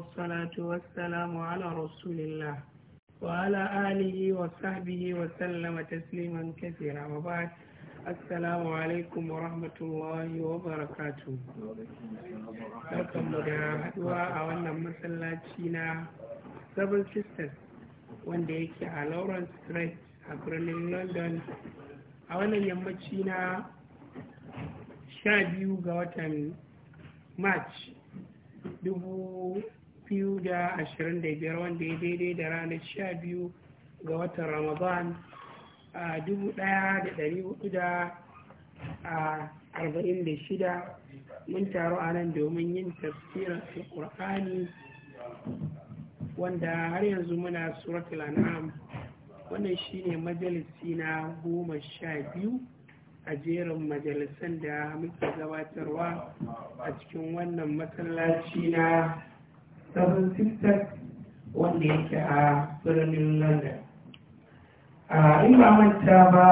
والصلاة والسلام على رسول الله وعلى آله وصحبه وسلم تسليما كثيرا وبعد السلام عليكم ورحمة الله وبركاته لكم دعوة أولا مسلاتينا Seven Sisters wanda yake a Lawrence Street a birnin London a wannan yammaci na sha ga watan March biyu da da biyar wanda ya daidai da ranar sha ga watan ramadan a dubu ɗaya da shida mun taru a nan domin yin tafsirin alkur'ani wanda har yanzu muna surat an'am wannan shine majalisi na goma sha biyu a jerin majalisan da muke gabatarwa a cikin wannan matsalaci na 766 wanda yake a birnin london in ba manta ba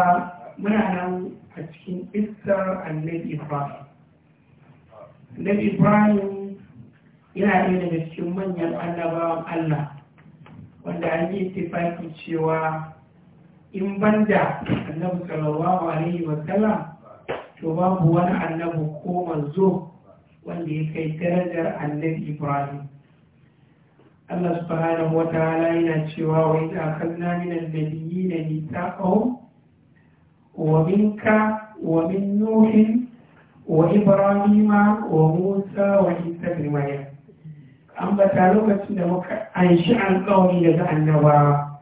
muna nan a cikin isar annabi ibrahim annabi ibrahim yana ɗaya daga cikin manyan annabawan allah wanda an yi tifaki cewa in banda annabi sallallahu alaihi wasallam to babu wani annabi ko manzo wanda ya kai darajar annabi ibrahim Allah subhanahu wa ta'ala yana cewa wa idza akhadna min al-nabiyyin mithaqahum wa minka wa min nuh wa ibrahim wa musa wa isa ibn maryam ambata lokacin da muka anshi alƙawari daga annabawa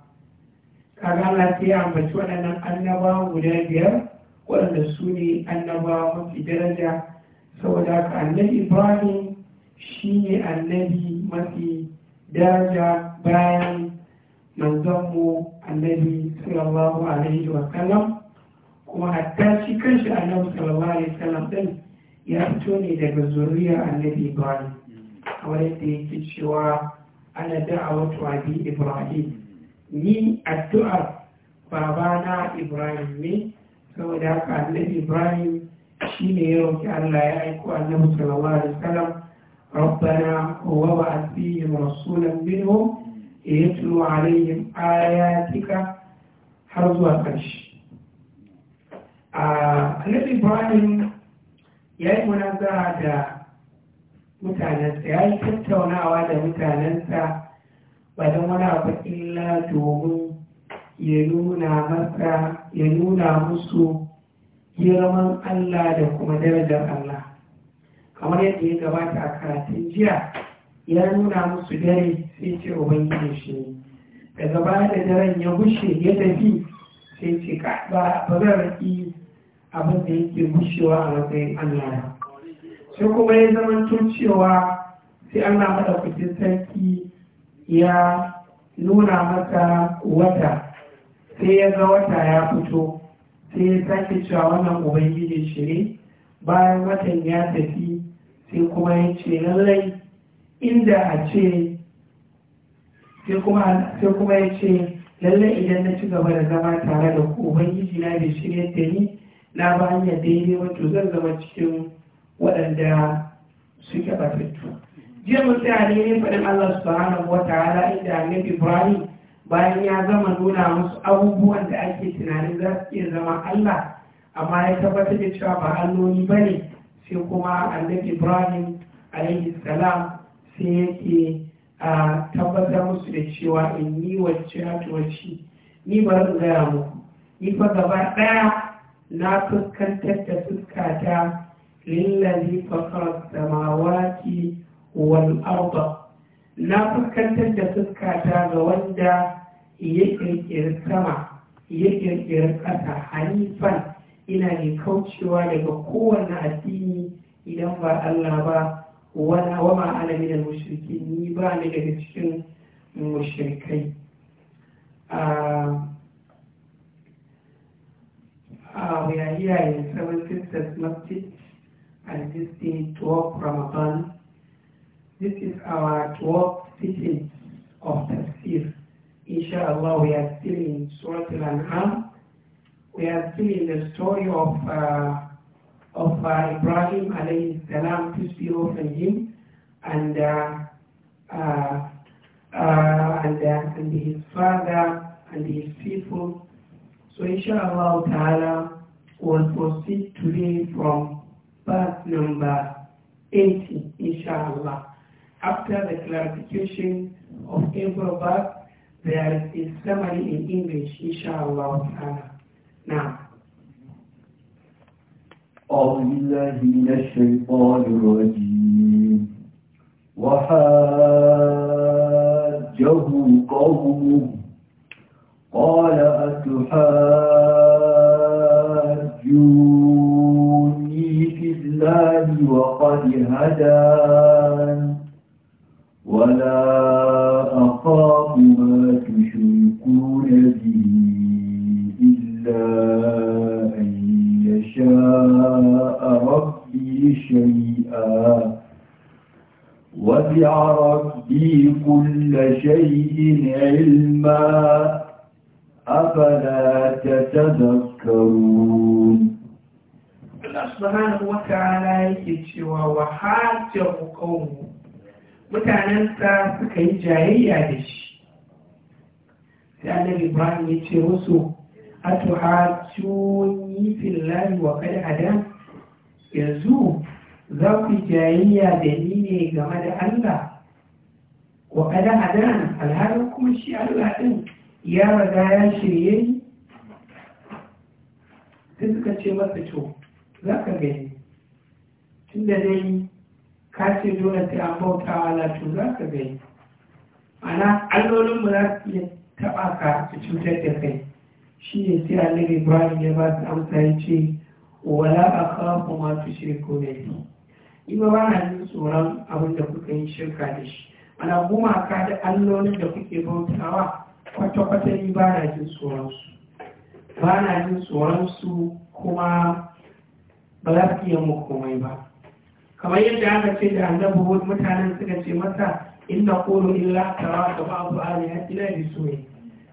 kaga Allah sai ba ambaci waɗannan annabawa guda biyar waɗanda su ne annabawa mafi daraja saboda haka annabi ibrahim shi ne annabi mafi daraja bayan manzanmu annabi sallallahu alaihi wa sallam kuma hatta shi kanshi annabi sallallahu alaihi wa sallam din ya fito ne daga zuriya annabi ibrahim a wadda yake cewa ana wato abi ibrahim ni addu'ar babana ibrahim ne saboda haka annabi ibrahim shi ne ya roƙi allah ya aiko annabi sallallahu alaihi wa sallam ربنا وبعث فيهم رسولا منهم يتلو عليهم آياتك حرزوا القرش النبي إبراهيم ya yi munazara da mutanensa ya yi tattaunawa da mutanensa ba don wani abu illa domin ya nuna ya nuna musu girman Allah da kuma darajar Allah kamar yadda ya gabata a karatun jiya ya nuna musu dare sai ce ubangiji shi ne daga baya da daren ya gushe ya tafi sai ce ka ba zan raki abin da yake gushewa a matsayin allah sai kuma ya zama cewa sai mada maɗaukacin sarki ya nuna masa wata sai ya ga wata ya fito sai ya sake cewa wannan ubangiji shi ne bayan watan ya tafi sai kuma ya ce lallai inda a ce sai kuma ya ce lallai idan na ci gaba da zama tare da ku ubangiji na da shirya da ni na ba hanya daidai wato zan zama cikin waɗanda suke batattu jiya mun tsaya ne ne faɗin Allah subhanahu wa ta'ala inda annabi Ibrahim bayan ya zama nuna musu abubuwan da ake tunanin za su iya zama Allah amma ya tabbatar da cewa ba hannuni ba ne sai kuma annabi ibrahim alayhi salam sai yake a tabbatar musu da cewa in yi wacce hatuwaci ni ba zan gaya muku ni fa gaba ɗaya na fuskantar da fuskata lillazi fakar samawati wal arba na fuskantar da fuskata ga wanda ya kirkiri sama ya kirkiri ƙasa hanifan ina ne kaucewa daga kowane addini idan ba Allah ba wala wa ma ana min mushriki ni ba ni daga cikin mushrikai a ah, ah, we are here in Seven Sisters Masjid and this is 12 Ramadan this is our 12th sitting of Tafsir inshallah we are still in Surah Al-An'am we are still in the story of uh, of uh, Ibrahim alayhi salam, peace be upon him, and uh, uh, uh and, uh, and his father and his people. So inshallah ta'ala will proceed today from birth number 80, inshallah. After the clarification of every verse, there is a summary in English, inshallah ta'ala. Now, أعوذ بالله من الشيطان الرجيم وحاجه قومه قال أتحاجوني في الله وقد هداني ne game da Allah wa kada hadana alhalin kuma shi Allah din ya raga ya shirye ni sai suka ce masa to za ka gani tun da dai ka ce dole sai an bauta wa to za ka gani ana allolinmu za su iya taɓa ka su cutar da kai shi ne sai annabi ibrahim ya ba su amsa ya ce wala a kawo kuma tu shirko ne ni ba ba na jin tsoron abin da kuka yi shirka da shi ana gumaka da allolin da kuke bautawa kwata-kwata yi ba na jin tsoron su ba na jin tsoron su kuma ba za su iya mu komai ba kamar yadda aka ce da annabi hud mutanen suka ce masa inna qulu illa tara da ba'du alihatina bi su'i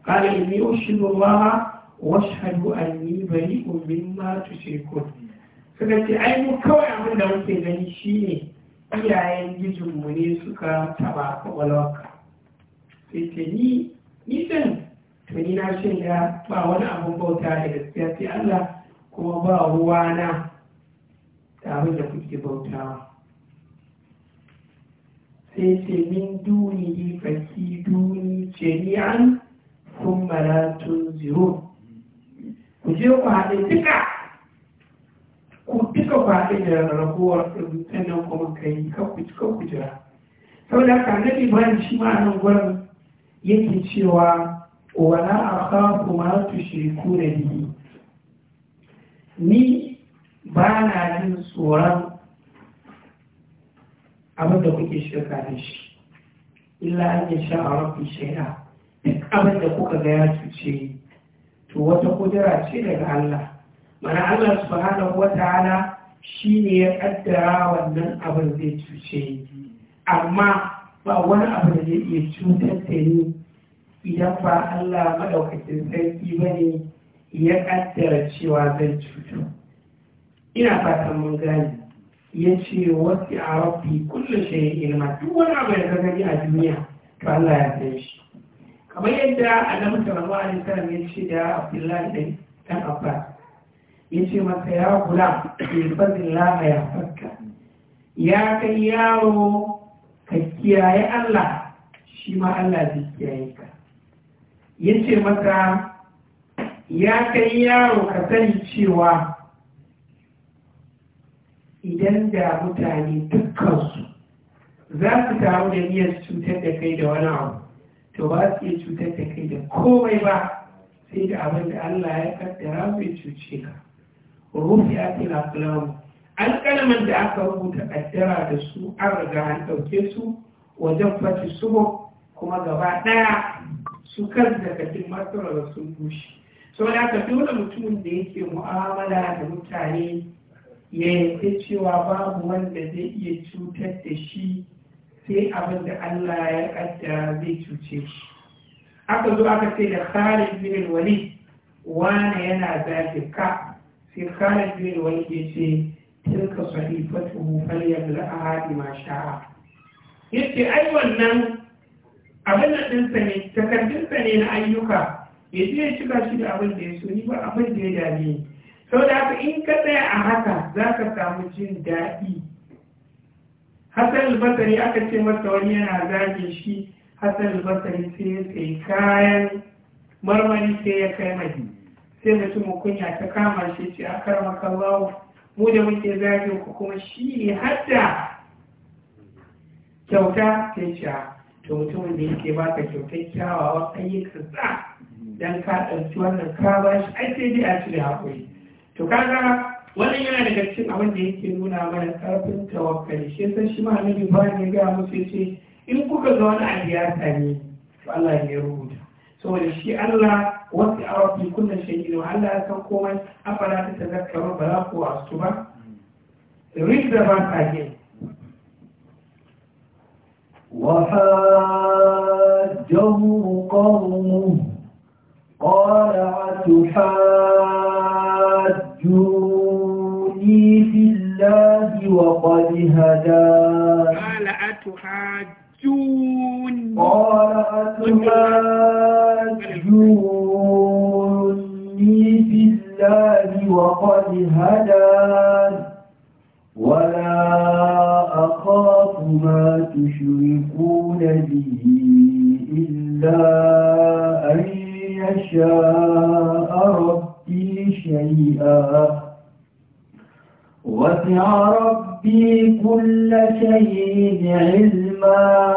qala inni ushidu allaha washhadu anni bari'un mimma tushrikun suka ce ai mu kawai abin da muke gani shine iyayen gijinmu ne suka taba kwakwalwarka sai ce ni nisan to ni na shaida ba wani abin bauta da gaskiya sai Allah kuma ba ruwa na tare da kuke bautawa sai ce min duni faki duni an kun tun ziro ku je ku haɗe duka ku duka faɗi da rarrabuwar rubutun nan kuma ka yi kakku jira saboda haka annabi ibrahim shi ma nan yake cewa wala akhafu ma tushriku da bihi ni ba na jin tsoron abin da kuke shirka da shi illa an yi sha a rafi shaida duk abin da kuka ga ya cuce to wata kudura ce daga Allah mana Allah subhanahu wa ta'ala shi ne ya kaddara wannan abin zai cuce amma ba wani abu da zai iya cutar da ni idan ba Allah maɗaukacin sarki ba ya kaddara cewa zai cutu ina fatan mun gane ya ce wasu a rafi kullum shayin ilma duk wani abu da ka gani a duniya to Allah ya san shi kamar yadda annabi sallallahu alaihi wasallam ya ce da Abdullahi dan Abbas Yace masa ya kula ilfazin la ya fakka ya kai yaro ka kiyaye Allah shi ma Allah zai kiyaye ka Yace masa ya kai yawo ka sani cewa idan da mutane dukkansu za su taru da niyyar cutar da kai da wani abu to ba su iya cutar da kai da komai ba sai da abin da Allah ya kaddara mai cuce ka rufi'at al An alƙalman da aka rubuta kaddara da su an riga an ɗauke su wajen fati subo kuma gaba ɗaya su kan zakatun matsalar sun bushe saboda haka dole mutumin da yake mu'amala da mutane ya yarda cewa babu wanda zai iya cutar da shi sai abin da Allah ya ƙaddara zai cuce shi aka zo aka ce da kare bin Walid wani yana zafi ka sai khalid bin walid ya ce tilka sahifatuhu falyabla'aha bima sha'a yace ai wannan abin da ne takardunsa ne na ayyuka ya je ya shiga shi da abin da ya so ni ba abin da ya dame sau da haka in ka tsaya a haka za ka samu jin daɗi hassan albasari aka ce masa wani yana zage shi hassan albasari sai ya sayi kayan marmari sai ya kai madina sai mutum kunya ta kama shi ce a karama kallawo mu da muke zagin ku kuma shi ne hadda kyauta ta ce ah, to mutumin da yake baka kyautar kyawawan ayyukan sa dan ka ɗauki wannan ka ba shi ai sai dai a cire hakuri to kaga wannan yana daga cikin abin da yake nuna mana karfin tawakkali shi san shi ma annabi ba ne ga musu ce in kuka ga wani abu ne to Allah ya rubuta saboda shi Allah وسع ربي كل شيء وهلا أتنكم أفلا تتذكروا فلا قوة السبع read the وحاجه قومه قال أتحاجوني في الله وقد هدان قال أتحاجوني قال أتحاجوني قد هدان ولا أخاف ما تشركون به إلا أن يشاء ربي شيئا وسع ربي كل شيء علما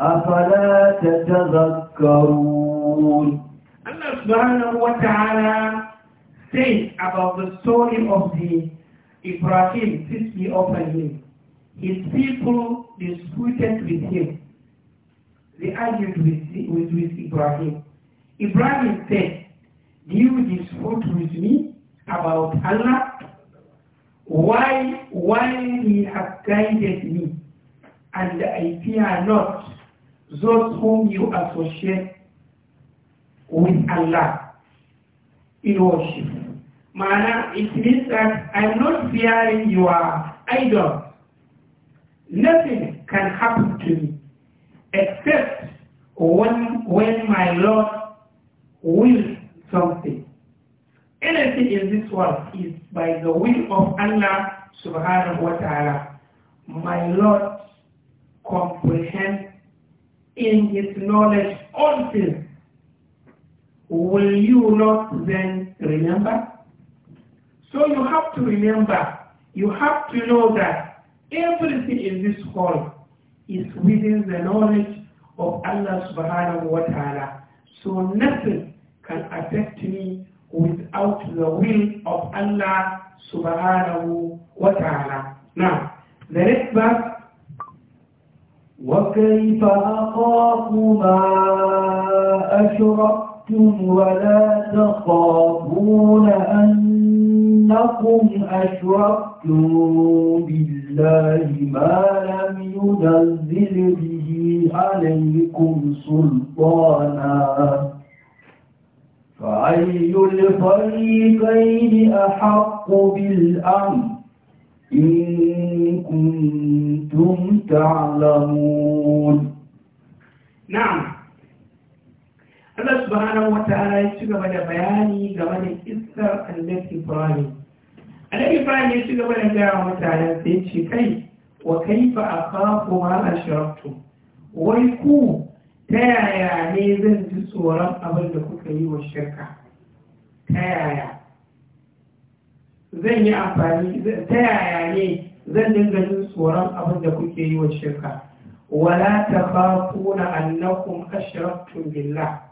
أفلا تتذكرون الله سبحانه وتعالى saying about the story of the Ibrahim, peace be upon him. His people disputed with him. They argued with, with, with Ibrahim. Ibrahim said, Do you dispute with me about Allah? Why, why he has guided me, and I fear not those whom you associate with Allah in worship. Mana, it means that I'm not fearing your idol. Nothing can happen to me except when, when my Lord wills something. Anything in this world is by the will of Allah subhanahu wa ta'ala. My Lord comprehends in his knowledge all things. Will you not then remember? So you have to remember, you have to know that everything in this world is within the knowledge of Allah subhanahu wa ta'ala. So nothing can affect me without the will of Allah subhanahu wa ta'ala. Now, the next verse وكيف أخاف ما أشركتم ولا تخافون أن أنكم أشركتم بالله ما لم ينزل به عليكم سلطانا فأي الفريقين أحق بالأمن إن كنتم تعلمون نعم Allah subhanahu wa ta'ala ya ci gaba da bayani game da kissar annabi Ibrahim annabi Ibrahim ya ci gaba da gaya wa mutanen sai ce kai wa kaifa akhafu ma ashraktu wai ku ta yaya ne zan ji tsoron abin da kuka yi wa shirka ta yaya zan yi amfani ta yaya ne zan dinga jin tsoron abin da kuke yi wa shirka wala takhafuna annakum ashraktum billah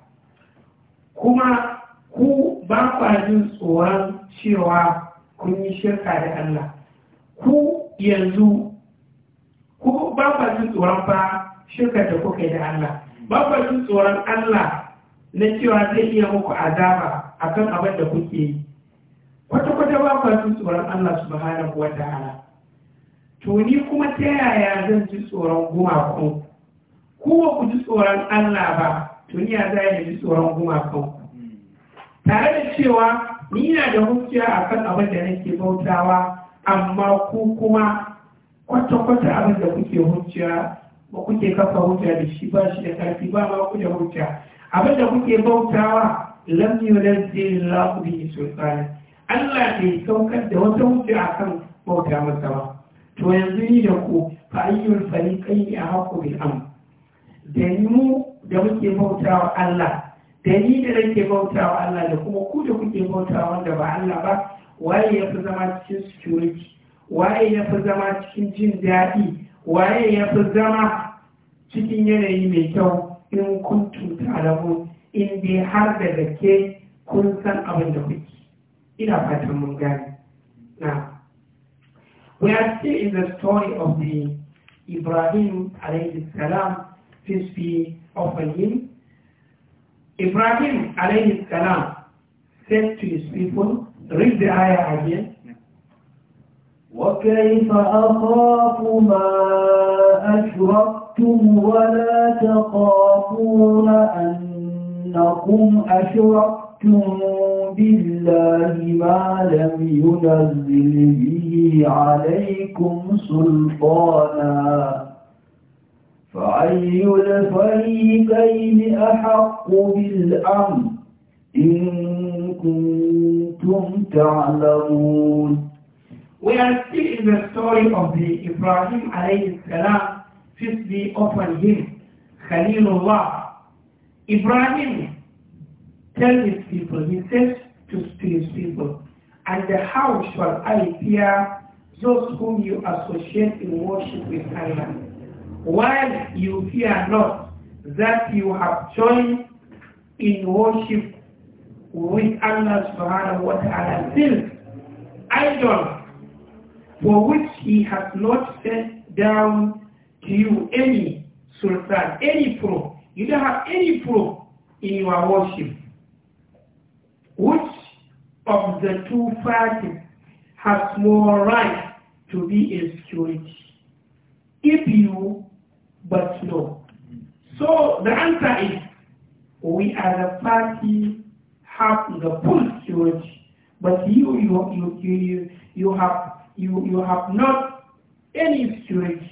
kuma ku ba kwa jin tsoron cewa kun yi shirka da Allah ku yanzu ku ba kwa jin tsoron fa shirka da kuka yi da Allah ba kwa jin tsoron Allah na cewa zai iya muku azaba akan abin da kuke yi kwata-kwata ba kwa jin tsoron Allah su kuwa da ana. to ni kuma ta yaya zan ji tsoron gumaku ku ba ku ji tsoron Allah ba duniya za yi da tsoron gumakan tare da cewa ni na da hujja akan abin da nake bautawa amma ku kuma kwata-kwata abin da kuke hujja ba kuke kafa hujja da shi ba shi da karfi ba ma ku da hujja abin da kuke bautawa lam yunzil lahu bihi sultana Allah ne saukar da wata hujja akan bauta masa ba to yanzu ni da ku fa ayyul ne a bil amr da mu da muke bautawa Allah da ni da nake bautawa Allah da kuma ku da kuke bautawa wanda ba Allah ba waye ya fi zama cikin security waye ya fi zama cikin jin daɗi waye ya fi zama cikin yanayi mai kyau in kun tuta da mu in dai har da da ke kun san abin da kuke ina fatan mun gane na we are still in the story of the Ibrahim alayhi salam peace be of Bani Ibrahim alayhi salam said to his people, read the ayah again. وكيف أخاف ما أشركتم ولا تخافون أنكم أشركتم بالله ما لم ينزل به عليكم سلطانا فأي الفريقين أحق بالأمن إن كنتم تعلمون We are still in the story of the Ibrahim alayhi salam, peace be upon him, Khalilullah. Ibrahim tells his people, he says to his people, and how shall I fear those whom you associate in worship with Allah? while you fear not that you have joined in worship with Allah subhanahu wa ta'ala still idol for which he has not sent down to you any sultan, any proof. You don't have any proof in your worship. Which of the two parties has more right to be in security? If you but no. So the answer is we are the party have the full security, but you you you you you have you you have not any security.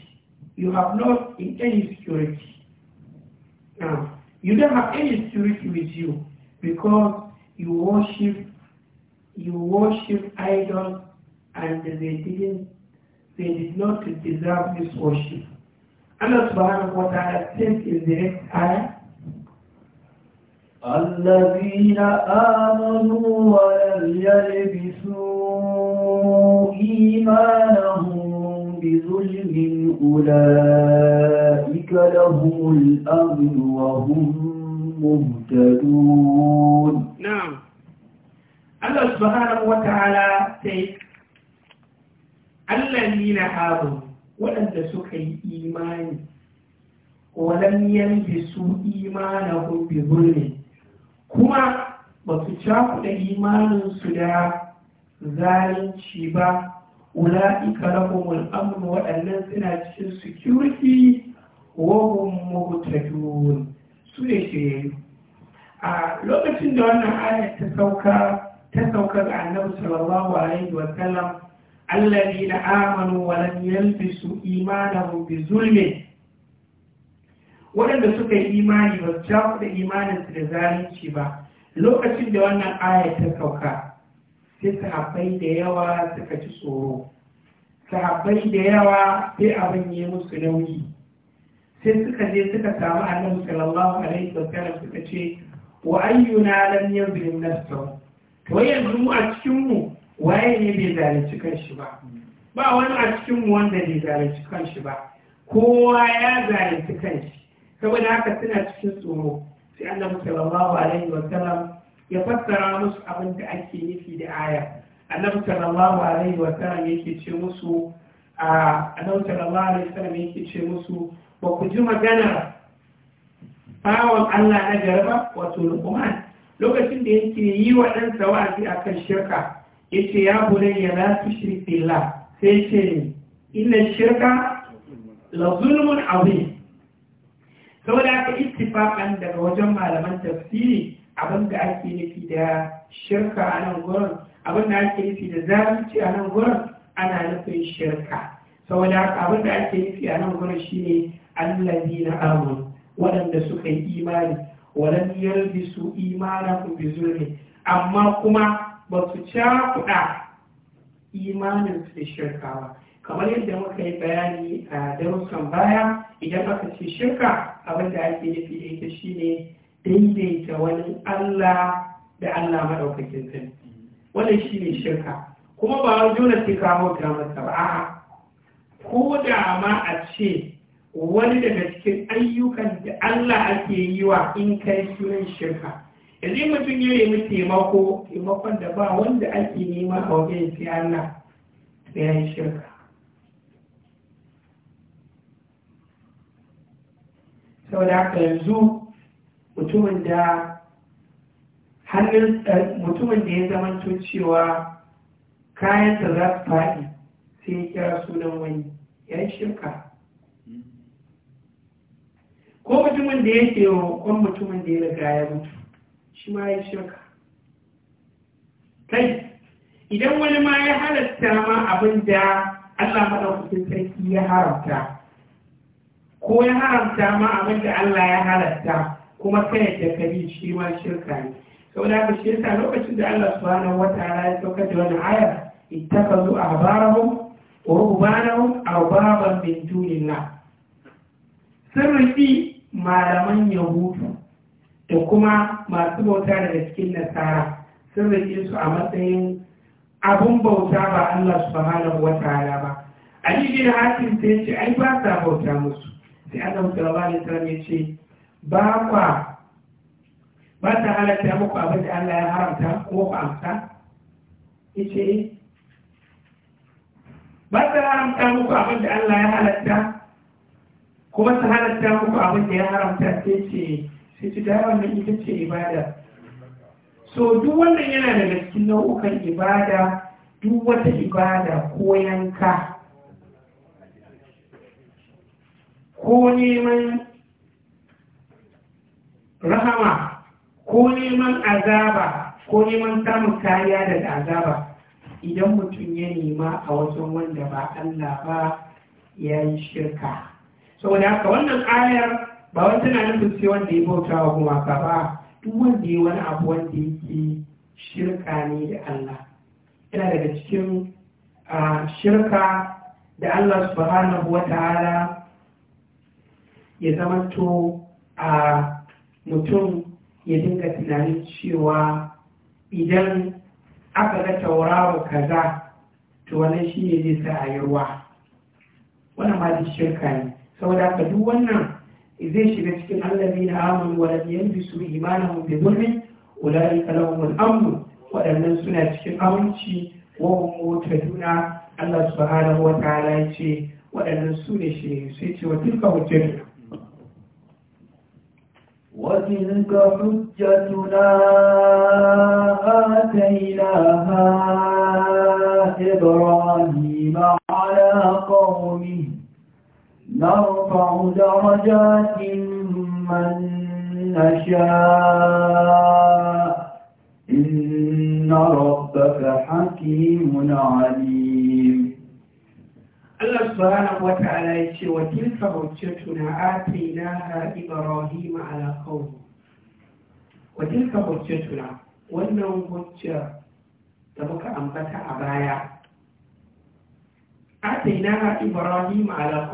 You have not any security. Now you don't have any security with you because you worship you worship idols and they didn't they did not deserve this worship. Allah subhanahu wa ta'ala says in the next ayah, الذين آمنوا ولم يلبسوا إيمانهم بظلم أولئك لهم الأمن وهم مهتدون نعم الله سبحانه وتعالى says الذين آمنوا waɗanda suka yi imani walam imana imanahum bi ne. kuma ba su cakuɗa imaninsu da zalunci ba ula'ika lahumul amn waɗannan suna cikin security wa hum muhtadun su ne shiryayyu a lokacin da wannan ayat ta sauka ta saukar annabi sallallahu alaihi wa sallam الذين آمنوا ولم يلبسوا إيمانهم بظلم waɗanda suka yi imani ba su da imaninsu da zalunci ba lokacin da wannan aya ta sauka sai sahabbai da yawa suka ci tsoro sahabbai da yawa sai abin yi musu nauyi sai suka je suka samu annabi sallallahu alaihi wasallam suka ce wa ayyuna lam yadhlim nafsahu to yanzu mu a cikin mu waye ne bai zalunci kanshi ba ba wani a cikinmu wanda bai zalunci kanshi ba kowa ya zalunci kanshi saboda haka suna cikin tsoro sai annabi sallallahu alaihi wa sallam ya fassara musu abin da ake nufi da aya annabi sallallahu alaihi wa sallam yake ce musu annabi sallallahu alaihi wa sallam yake ce musu ba ku ji magana bawan Allah na jaraba wato Luqman lokacin da yake yi wa ɗansa wa'azi akan shirka yace ya bunayya la tushrik billah sai ce ni inna shirka la zulmun azim saboda haka ittifaqan daga wajen malaman tafsiri abin da ake nufi da shirka a nan gurin abin da ake nufi da zalunci a nan gurin ana nufin shirka saboda haka abin da ake nufi a nan gurin shi ne allazi na amun waɗanda suka yi imani su imana imanahum bi zulmi amma kuma ba su cakuɗa imaninsu da shirkawa kamar yadda muka yi bayani a darussan baya idan aka ce shirka abin da ake nufi da ita shine daidaita wani allah da allah maɗaukakin sarki wannan ne shirka kuma ba wani jona sai kawo masa ba a ko da ma a ce wani daga cikin ayyukan da allah ake yi wa in kai sunan shirka Yanzu mutum ya nemi taimako taimakon da ba wanda ake nema a wajen sai Allah da ya yi shirka saboda haka yanzu mutumin da hannun eh, mutumin da ya zamanto cewa kayansa za su faɗi sai ya kira sunan wani ya yi shirka ko mutumin da ya ke roƙon mutumin da ya riga ya mutu shi ma ya shirka kai idan wani ma ya halatta ma abin da Allah maɗaukakin sarki ya haramta ko ya haramta ma abin da Allah ya halatta kuma kai da kabi shi ma shirka ne da haka shi yasa lokacin da Allah hana wata ya saukar da wani wannan a ittakhadhu ahbarahum wa a arbaban min dunillah sirri rufi malaman yahudu da kuma masu bauta daga cikin nasara sun rike su a matsayin abun bauta ba Allah subhanahu wa ta'ala ba Ali bin Hatim sai ce ai ba sa bauta musu sai Allah sallallahu alaihi wasallam ya ce ba kwa ba ta halatta muku abin da Allah ya haramta kuma ku amsa yace eh. ba ta haramta muku abin da Allah ya halatta kuma ta halatta muku abin da ya haramta sai ce sai ci da ita ce ibada so duk wannan yana da cikin nau'ukan ibada duk wata ibada ko yanka ko neman rahama ko neman azaba ko neman samun kariya daga azaba idan mutum ya nema a wajen wanda ba Allah ba ya yi shirka saboda haka wannan ayar ba wani tana nufin sai wanda ya bauta wa gumaka ba duk wanda ya wani abu wanda yake shirka ne da Allah yana daga cikin shirka da Allah subhanahu wa ta'ala ya zamanto a mutum ya dinga tunanin cewa idan aka ga tauraro kaza to wannan shi ne zai sa a yi ruwa wannan ma shirka ne saboda haka duk wannan zai shiga cikin allazi na amanu wa lam yalbisu imanahum bi zulmin ulaika lahum al-amn Wadannan suna cikin aminci wa hum mutaduna Allah subhanahu wa ta'ala ya wadannan su ne shi sai ce wa tilka hujjatuna وتلك حجتنا آتيناها إبراهيم على قومه نرفع درجات من نشاء إن ربك حكيم عليم الله سبحانه وتعالى يقول وتلك حجتنا آتيناها إبراهيم على قومه وتلك حجتنا wannan hujja da muka ambata a baya ataina ibrahim ala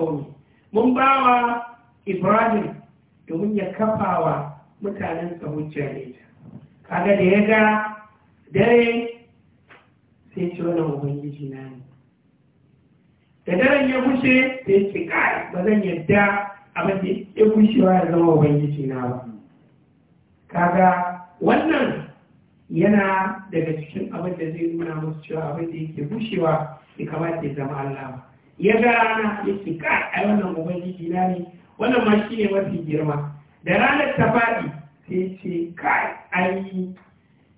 mun bawa ibrahim domin ya wa mutanen sa hujja kaga da ya ga dare sai ce wannan ubangiji na ne da daren ya wuce sai ce kai ba zan yadda abin da ya gushewa ya zama ubangiji na ba kaga wannan yana daga cikin abin da zai nuna musu cewa abin da yake bushewa ya kamata ya zama Allah ba ya ga rana ya ce ka a wannan ubangiji na ne wannan ma shi ne mafi girma da ranar ta faɗi sai ce ka ai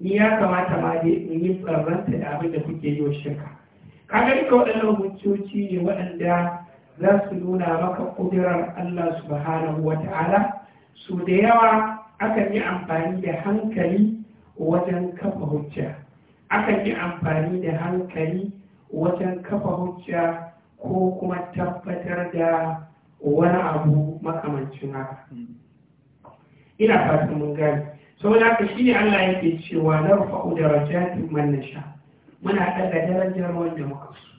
ni ya kamata ma dai in yi tsarranta da abin da kuke yi wa shirka kaga duka waɗannan hujjoci ne waɗanda za su nuna maka ƙudurar Allah subhanahu wa ta'ala su da yawa akan yi amfani da hankali wajen kafa hujja akan yi amfani da hankali wajen kafa hujja ko kuma tabbatar da wani abu makamancin haka ina fatan mun gani saboda haka shine Allah yake cewa narfa'u darajatin man nasha muna daga darajar wanda muka so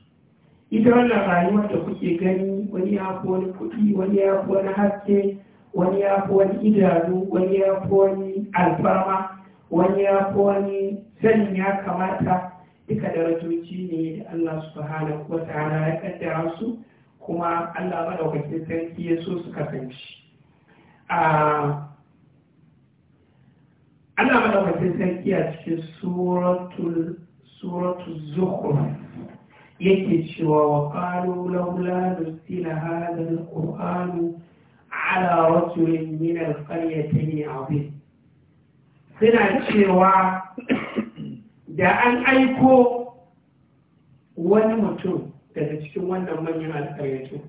ita wannan rayuwar da kuke gani wani ya fi wani kuɗi wani ya fi wani haske wani ya fi wani idanu wani ya fi wani alfarma wani ya fi wani sanin ya kamata duka rajoci ne da Allah subhanahu wa ta'ala ya kaddara su kuma Allah madaukakin sarki ya so su kasance Allah madaukakin sarki a cikin suratul suratul yake cewa wa qalu laula nusila hadha alquran ala ƙarya ta ne abin. suna cewa da an aiko wani mutum daga cikin wannan manyan alƙaryatu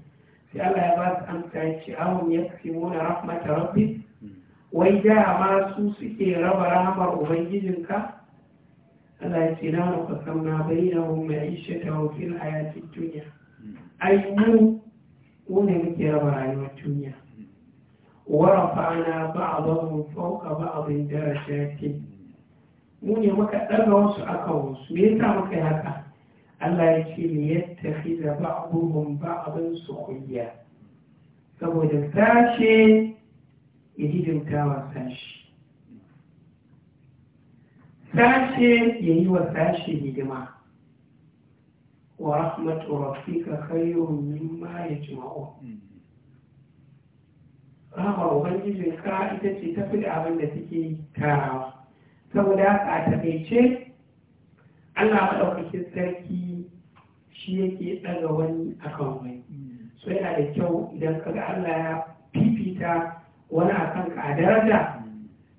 sai Allah ya ba su amsa ya ce awon ya fi muna rahmata rabbi wai dama su suke raba rahamar ubangijinka Allah ya ce na na bai bayyana hu mai ishe ta a hayatin duniya ai mu mu muke raba rayuwar duniya ba a mu ورفعنا بعضهم فوق بعض درجات mu ne muka ɗaga wasu aka wasu me yasa muka yi haka Allah ya ce ne ya tafi da ba'abuhum ba'abun su kuliya saboda sashe ya hidimta wa sashe sashe ya yi wa sashe hidima wa rahmatu rafika khayrun mimma yajma'u rahama ubangijin ka ita ce tafi da abin da take tarawa saboda haka a ce? Allah maɗaukakin sarki shi yake ɗaga wani kan wani so yana da kyau idan ka ga Allah ya fifita wani akan ka a daraja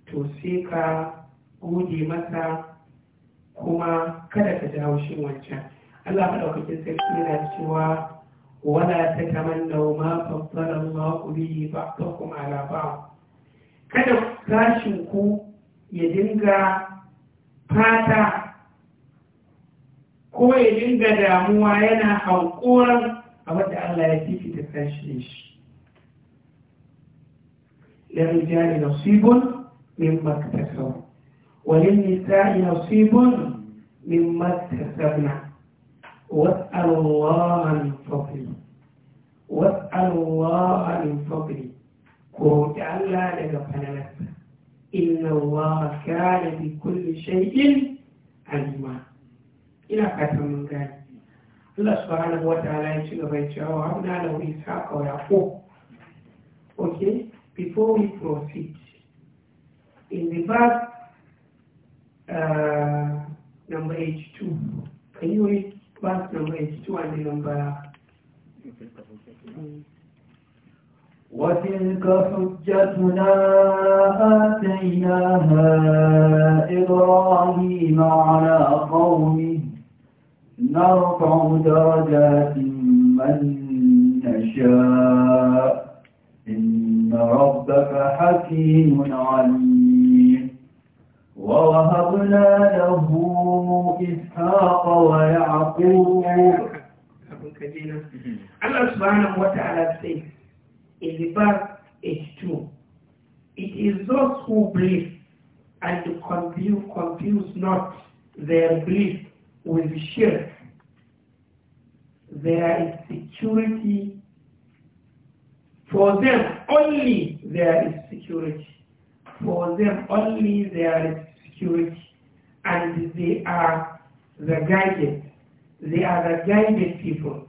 to sai ka gode masa kuma kada ka ji shi wancan Allah maɗaukakin sarki yana cewa wala ta tamanna ma fassara Allah bihi ba'dakum ala kada sashin ku ya dinga fata ko ya dinga damuwa yana hankoran a wadda Allah ya fifita kashe shi للرجال نصيب مما اكتسبوا وللنساء نصيب مما اكتسبنا واسألوا الله من فضله واسألوا الله من فضله ko da Allah daga falalarsa inna allaha kana bi kulli shay'in alima ina fatan mun gane Allah subhanahu wa ta'ala ya ci gaba cewa wa abna lahu ishaqa wa yaqub okay before we proceed in the verse uh, number 82 can you read verse number 82 and the number okay. وتلك حجتنا آتيناها إبراهيم على قومه نرفع درجات من نشاء إن ربك حكيم عليم ووهبنا له إسحاق ويعقوب الله سبحانه وتعالى says in verse 82. It is those who believe and confuse, confuse not their belief with shirk. There is security for them only there is security. For them only there is security. And they are the guided. They are the guided people.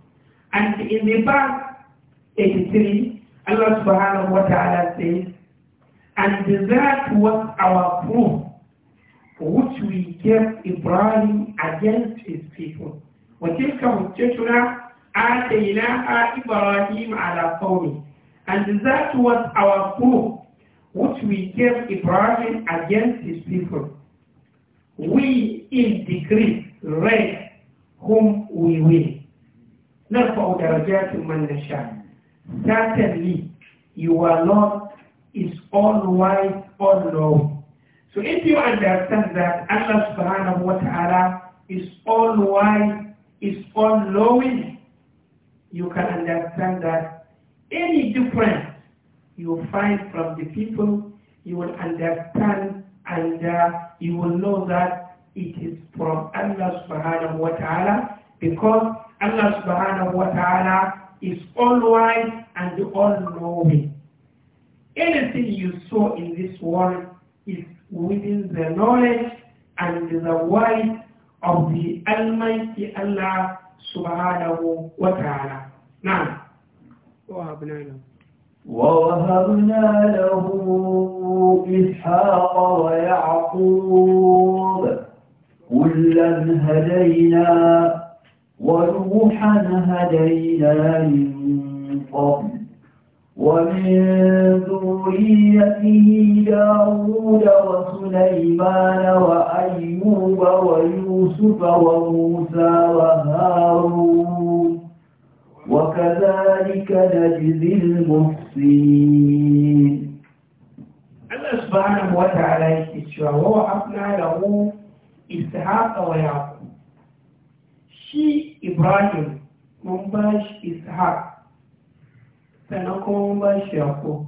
And in the verse 83, Allah subhanahu wa ta'ala says, And that was our proof which we kept Ibrahim against his people. وتلك حجتنا آتيناها إبراهيم على قومه. And that was our proof which we gave Ibrahim against his people. We in degree rank whom we will. نرفع درجات من نشاء. Certainly, your Lord is all-wise, all-knowing. So if you understand that Allah subhanahu wa ta'ala is all-wise, is all-knowing, you can understand that any difference you find from the people, you will understand and uh, you will know that it is from Allah subhanahu wa ta'ala because Allah subhanahu wa ta'ala is all-wise and all-knowing. Anything you saw in this world is within the knowledge and the wise of the Almighty Allah subhanahu wa ta'ala. Now, ووهبنا له إسحاق ويعقوب كلا هدينا ونوحا هدينا من قبل ومن ذريته داود وسليمان وأيوب ويوسف وموسى وهارون وكذلك نجزي المحسنين الله سبحانه وتعالى يستشعر ووهبنا له إسحاق ويعقوب شيء ibrahim mun ba shi ishaq sannan kuma mun ba shi yaqub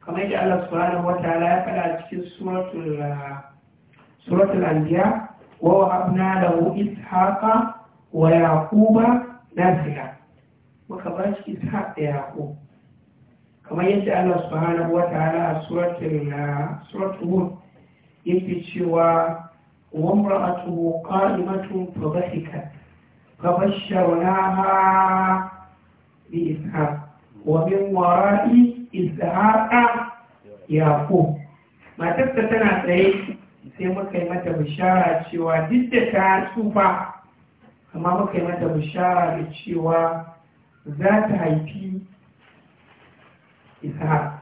kamar yadda Allah subhanahu ta'ala ya faɗa cikin suratul anbiya wa wahabna lahu ishaqa wa yaquba nafila muka ba shi ishaq da yaqub kamar yadda Allah subhanahu ta'ala a suratul hud yake cewa wa ba qa'imatun fa dhahikat فبشرناها بإسحاق ومن وراء إسحاق يعقوب ما تبتتنا تريد sai muka yi mata bishara cewa duk da ta tsufa amma muka yi mata bishara da cewa za ta haifi isa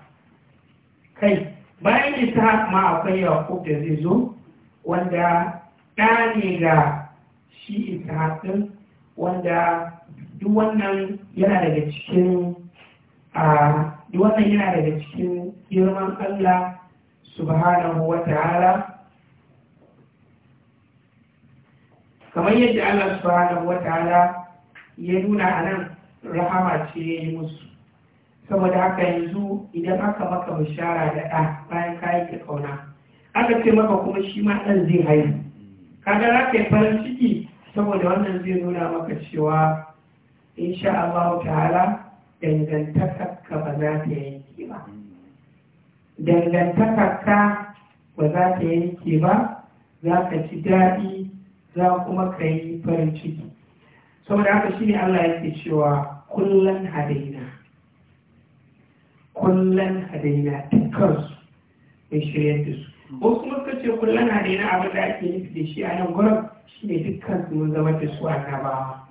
kai bayan isa ma akwai yakub da zai zo wanda ɗa ne ga shi isa ɗin wanda duk wannan yana daga cikin a duk wannan yana daga cikin girman Allah subhanahu wa ta'ala kamar yadda Allah subhanahu wa ta'ala ya nuna a nan rahama ce ya musu saboda haka yanzu idan aka maka bishara da ɗa bayan ka yi kauna aka ce maka kuma shi ma ɗan zai haihu kaga za ka yi farin ciki saboda wannan zai nuna maka cewa insha Allah ta'ala dangantakarka ba za ta yanke ba dangantakarka ba za ta yanke ba za ka ci daɗi za kuma ka yi farin ciki saboda haka shi ne Allah yake cewa kullum hadaina kullum hadaina dukkansu mai shirya da su ko kuma suka ce kullum na daina abin da ake nufi da shi a nan gurin shi ne dukkan su mun zama da su annabawa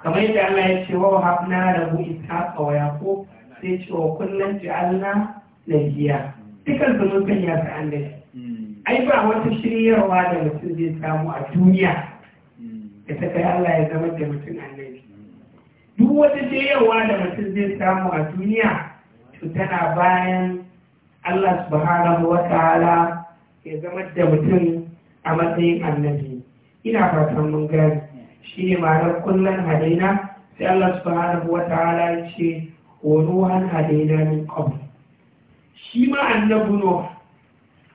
kamar yadda Allah ya ce wa na habna lahu ishaqa wa Ko sai ce wa kullum na biya. dukkan su mun sanya su annabi ai ba wata shiryarwa da mutum zai samu a duniya da ta kai Allah ya zama da mutum annabi duk wata shiryarwa da mutum zai samu a duniya to tana bayan Allah subhanahu wa ta'ala ya zama da mutum a matsayin annabi ina fatan mun gani shi ne ma'anar kullum halina sai Allah subhanahu wa ta'ala ya ce wa ruhan min qabl shi ma annabi no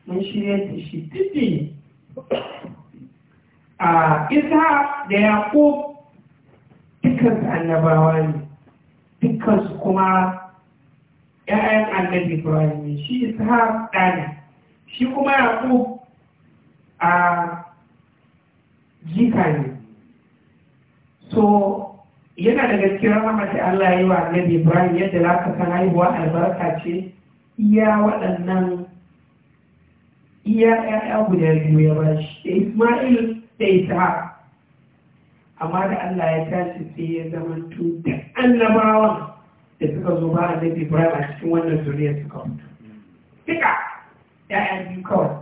mun shirya da shi titi a isa da yaƙo dukkan annabawa ne dukkan su kuma ‘ya'yan annabi Ibrahim shi isa ɗani shi kuma yaƙub a jika ne so yana da gaskiyar rahama da Allah ya yi wa annabi Ibrahim yadda za ka san haihuwa albarka ce iya waɗannan iya ‘ya'ya guda biyu ya ba shi da Ismail da Isa amma da Allah ya tashi sai ya zama da annabawan da suka zo ba annabi Ibrahim a cikin wannan duniya suka mutu. Duka ya'ya biyu kawai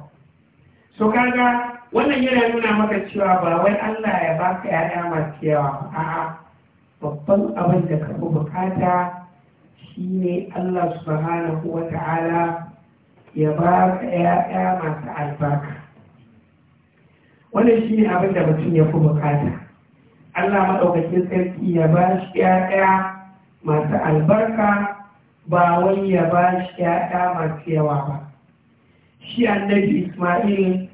so kaga wannan yana nuna maka cewa ba wai Allah ya ba baka ya'ya masu yawa a'a babban abin da ka fi bukata ne Allah subhanahu wa ta'ala ya ba ka ya'ya masu albarka wannan shi ne abin da mutum ya fi bukata Allah maɗaukakin sarki ya ba shi ‘ya'ya masu albarka ba wani ya ba shi ‘ya'ya masu yawa ba. shi annabi Ismail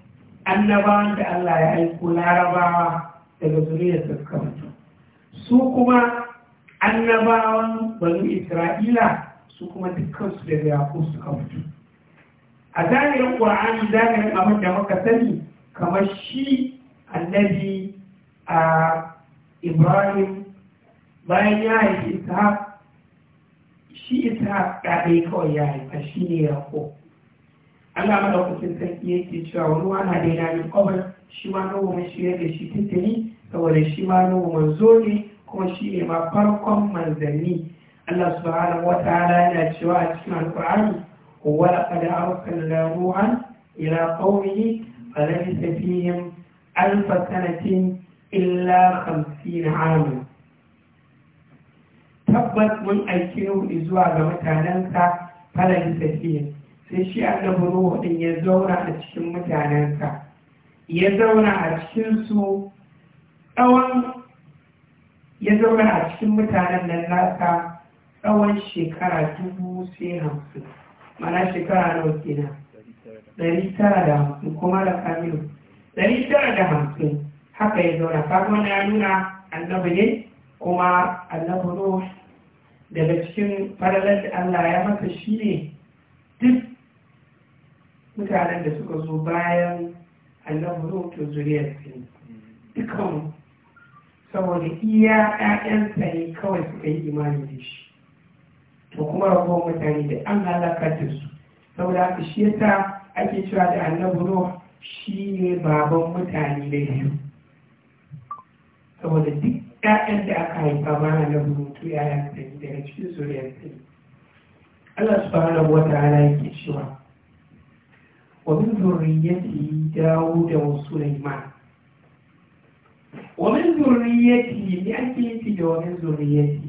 annabawan da Allah ya aiko larabawa daga zuriyar suka mutu su kuma annabawan bani Isra'ila su kuma dukkansu daga yaƙo suka mutu a zahirin ƙwa'ani zahirin abin da muka sani kamar shi annabi a Ibrahim bayan ya haifi Ishaq shi Ishaq ɗaɗe kawai ya haifa shi ne yaƙo Allah madaukakin sarki yake cewa wani wana da yana min kwabar shi ma nuhu mai shirya da shi tuntuni saboda shi ma nuhu manzo ne kuma shi ne ma farkon manzanni Allah subhanahu wa ta'ala yana cewa a cikin alqur'ani wa laqad arsalna ruhan ila qaumihi falabisa fihim alf sanatin illa 50 aman tabbas mun aiki nuhu zuwa ga mutanensa falabisa fihim sai shi annabi ruhu din ya zauna a cikin mutanensa ya zauna a cikin su tsawon ya zauna a cikin mutanen nan nasa tsawon shekara dubu sai hamsin mana shekara nawa kenan dari tara da hamsin kuma da kamilu dari tara da hamsin haka ya zauna kaga ya nuna annabi ne kuma annabi ruhu daga cikin faralar da Allah ya masa shi ne duk mutanen da suka zo bayan annabu rutu zuriyar su dukkan saboda iya ƴaƴansa ne kawai suka yi imani da shi to kuma ragowar mutane da an lalaka da su saboda haka shi yasa ake cewa da annabu ruhu shi ne baban mutane na biyu saboda duk ƴaƴan da aka haifa ba na na rubutu ƴaƴan sani daga cikin zuriyar sani Allah subhanahu wa ta'ala yake cewa ومن ذريته داود وسليمان ومن ذريته me ake nufi da ومن ذريته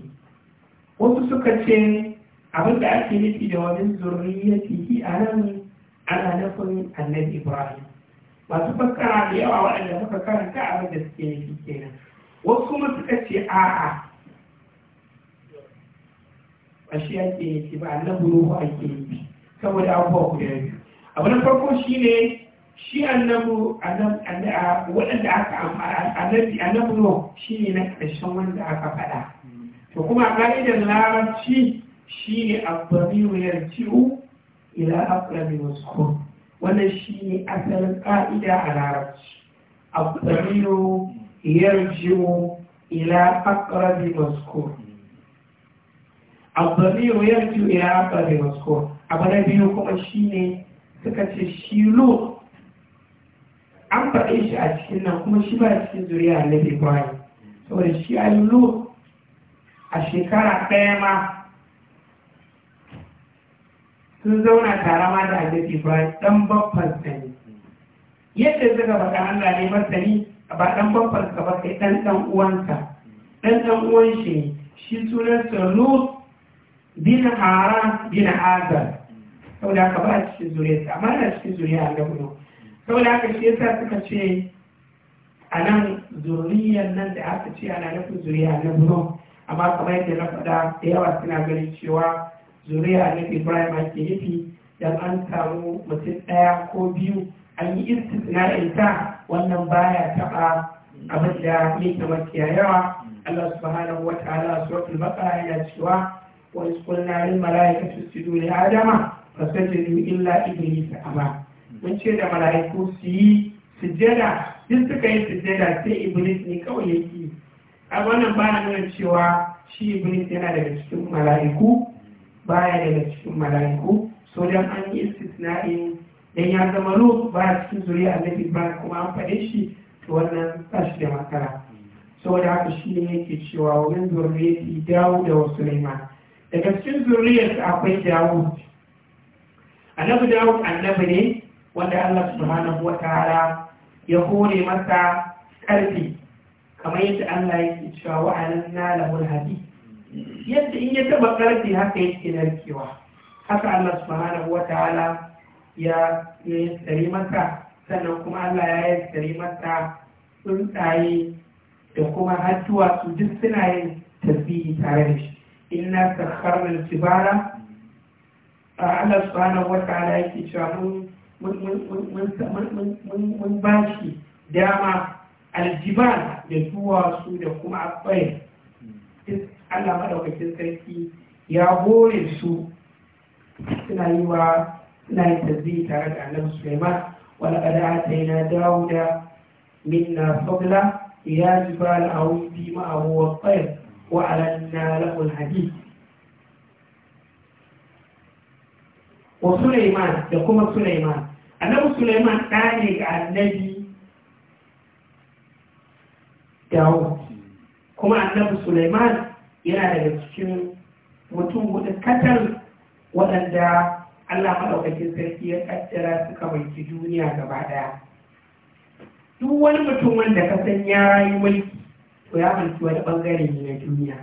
wasu suka ce abin da ake nufi da wani zurriyatihi a nan ana nufin annabi ibrahim masu fassara da yawa waɗanda muka karanta abin da suke nufi kenan wasu kuma suka a'a ba shi ake nufi ba annabi ruhu ake nufi saboda abubuwa guda biyu abu na farko shi ne shi annabu waɗanda aka amfani annabu no shi ne na ƙarshen wanda aka faɗa to kuma a ƙa'idar larabci shi ne abbamiru yarji'u ila aqrabi maskur wanda shi ne asalin ƙa'ida a larabci abbamiru yarji'u ila aqrabi maskur abbamiru yarji'u ila aqrabi maskur abu na biyu kuma shi ne suka ce shi lo an faɗe shi a cikin nan kuma shi ba cikin zuriya annabi kwaye saboda shi a yi lo a shekara ɗaya ma sun zauna tare ma da annabi ibrahim ɗan babban sani yadda suka faɗa allah ne masani ba ɗan babban ka ba kai ɗan ɗan uwansa ɗan ɗan uwan shi shi sunansa lo bin haram bin azar saboda haka ba a cikin zuriyarsa amma yana cikin zuriya a gabu saboda haka shi yasa suka ce a nan zuriyar nan da aka ce ana nufin zuriya a gabu amma kamar yadda na faɗa da yawa suna ganin cewa zuriya na ibrahim ake nufi dan an samu mutum ɗaya ko biyu an yi istisna'in ta wannan baya taɓa abin da yake mafiya yawa Allah subhanahu wa ta'ala suratul baqara yana cewa wa isqulna lil malaikati isjudu li adama fasajadu illa iblis aba mun ce da mala'iku su yi sujjada duk suka yi sujjada sai iblis ne kawai yake a wannan ba na nuna cewa shi iblis yana daga cikin mala'iku baya daga cikin mala'iku so dan an yi istisna'i dan ya zama ruh baya cikin zuriya annabi ba kuma an faɗe shi to wannan ba shi da matsala saboda haka shi ne yake cewa wurin zurriyarsa dawo da wasu Daga cikin zuriyarsu akwai dawo. annabi dawud annabi ne wanda allah subhanahu wa ta'ala ya hore masa ƙarfi kamar yadda allah ya cewa wa'alan na lahul hadi yadda in ya taba ƙarfi haka yake narkewa haka allah subhanahu wa ta'ala ya yassari masa sannan kuma allah ya yassari masa tsuntsaye da kuma har su duk suna yin tasbihi tare da shi inna sakharna al-jibala Allah subhanahu wa ta'ala yake cewa mun mun ba shi dama aljiban da duwatsu da kuma a abai Allah madaukakin sarki ya gore su suna yi wa suna yi tasbihi tare da annabi Sulaiman wa laqad atayna Dawuda minna fadla ya jibal awi bi ma'ahu wa wa alanna lahu al wa Sulaiman da kuma Sulaiman annabi Sulaiman ɗa ne ga annabi Dawud kuma annabi Sulaiman yana daga cikin mutum hudu katal waɗanda Allah maɗaukakin sarki ya kaddara suka mulki duniya gaba ɗaya duk wani mutum wanda ka san ya rayu mulki to ya mulki wani bangare ne na duniya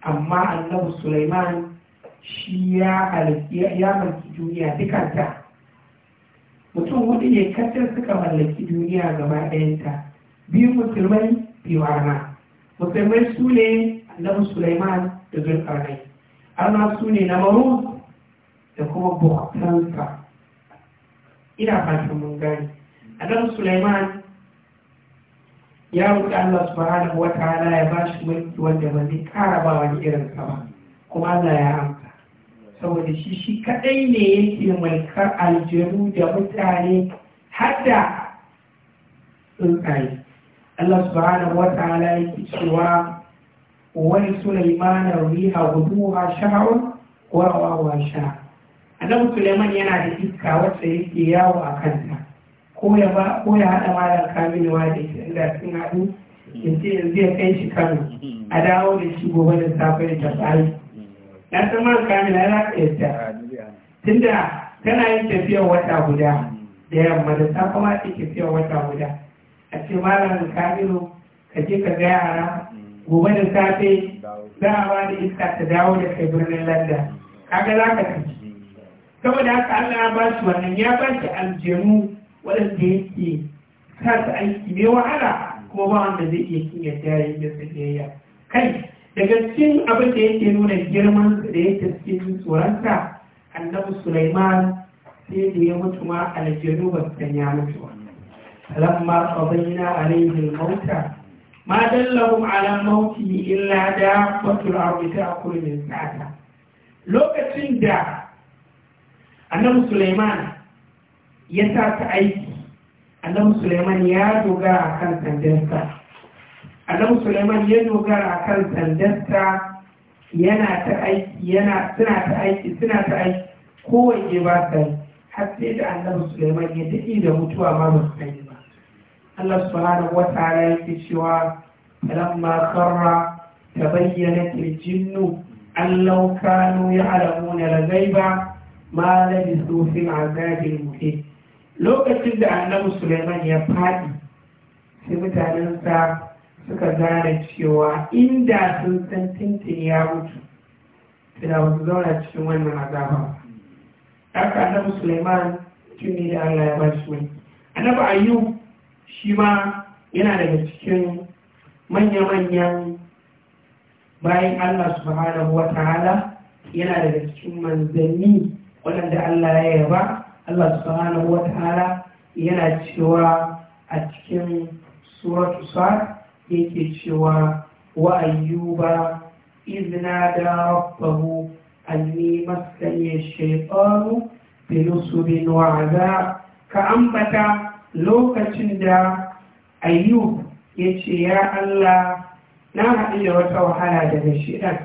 amma annabi Sulaiman shi ya mallaki duniya dukanta mutum hudu ne kacin suka mallaki duniya gaba ɗayanta biyu musulmai biyu arna musulmai su ne annabi suleiman da zulkarnai arna su ne na maru da kuma buhatansa ina fashin mun gani annabi suleiman ya roƙi Allah subhanahu wata ta'ala ya bashi mulki wanda ba zai kara ba wani irin ba kuma Allah ya saboda shi shi kadai ne yake mulkar aljanu da mutane hadda tsuntsaye Allah subhanahu wa ta'ala yake cewa wani Sulaiman riha guduwa sha'un wa wa sha annabi Sulaiman yana da iska wata yake yawo a kanta ko ya ba ko ya hada malam da inda sun haɗu in ce yanzu ya kai shi Kano a dawo da shi gobe da safe da tsari na san man kamila za ka yadda tunda tana yin tafiya wata guda da yamma da safe ma ta wata guda a ce malam kamilu ka je ka ga yara mm. gobe da safe za a ba da iska ta dawo da kai birnin landa kaga za ka tafi mm. saboda haka Allah ya ba shi wannan ya ba shi aljanu waɗanda yake sa su aiki mai wahala kuma ba wanda zai iya kin yadda yayin da kai daga cikin abin da yake nuna girman da yake cikin tsoronta annabi Sulaiman sai da ya mutu ma aljanu ba su ya mutu ba lamma qadayna alayhi al-mauta ma dallahum ala mauti illa da fatul ardi ta'kulu min sa'ata lokacin da annabi Sulaiman ya sa ta aiki annabi Sulaiman ya dogara kan sandarsa Adam Suleiman ya dogara kan sandarsa yana ta aiki yana suna ta aiki suna ta aiki kowanne ba sa yi har sai da Allah Suleiman ya daɗi da mutuwa ma ba su sani ba Allah wata ya yake cewa falamma kharra ta bayyana jinnu an law kanu ya'lamuna alamu na ma ba, fi al-'azabi al lokacin da Allah Suleiman ya faɗi sai mutanensa suka gane cewa inda sun san tintin ya mutu tuna wasu zauna cikin wannan azaba aka annabi suleiman mutum ne da allah ya ba shi wani annabi ayyub shi ma yana daga cikin manya-manyan bayan allah subhanahu wa ta'ala yana daga cikin manzanni waɗanda allah ya yaba allah subhanahu wa ta'ala yana cewa a cikin suratu sa'ad yake cewa wa ayyuba izina da rabbahu anni masani shaytanu bi nusbin wa adha ka ambata lokacin da ayyub yace ya Allah na haɗu da wata wahala daga shidan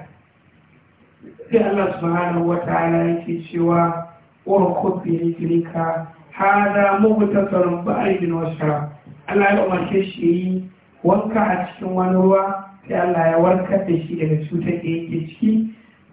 sai Allah wata wataala yake cewa urkut bi rijlika hada mughtasarun ba'idun wa sharab Allah ya umarce shi wanka a cikin wani ruwa sai Allah ya warkar da shi daga cutar da yake ciki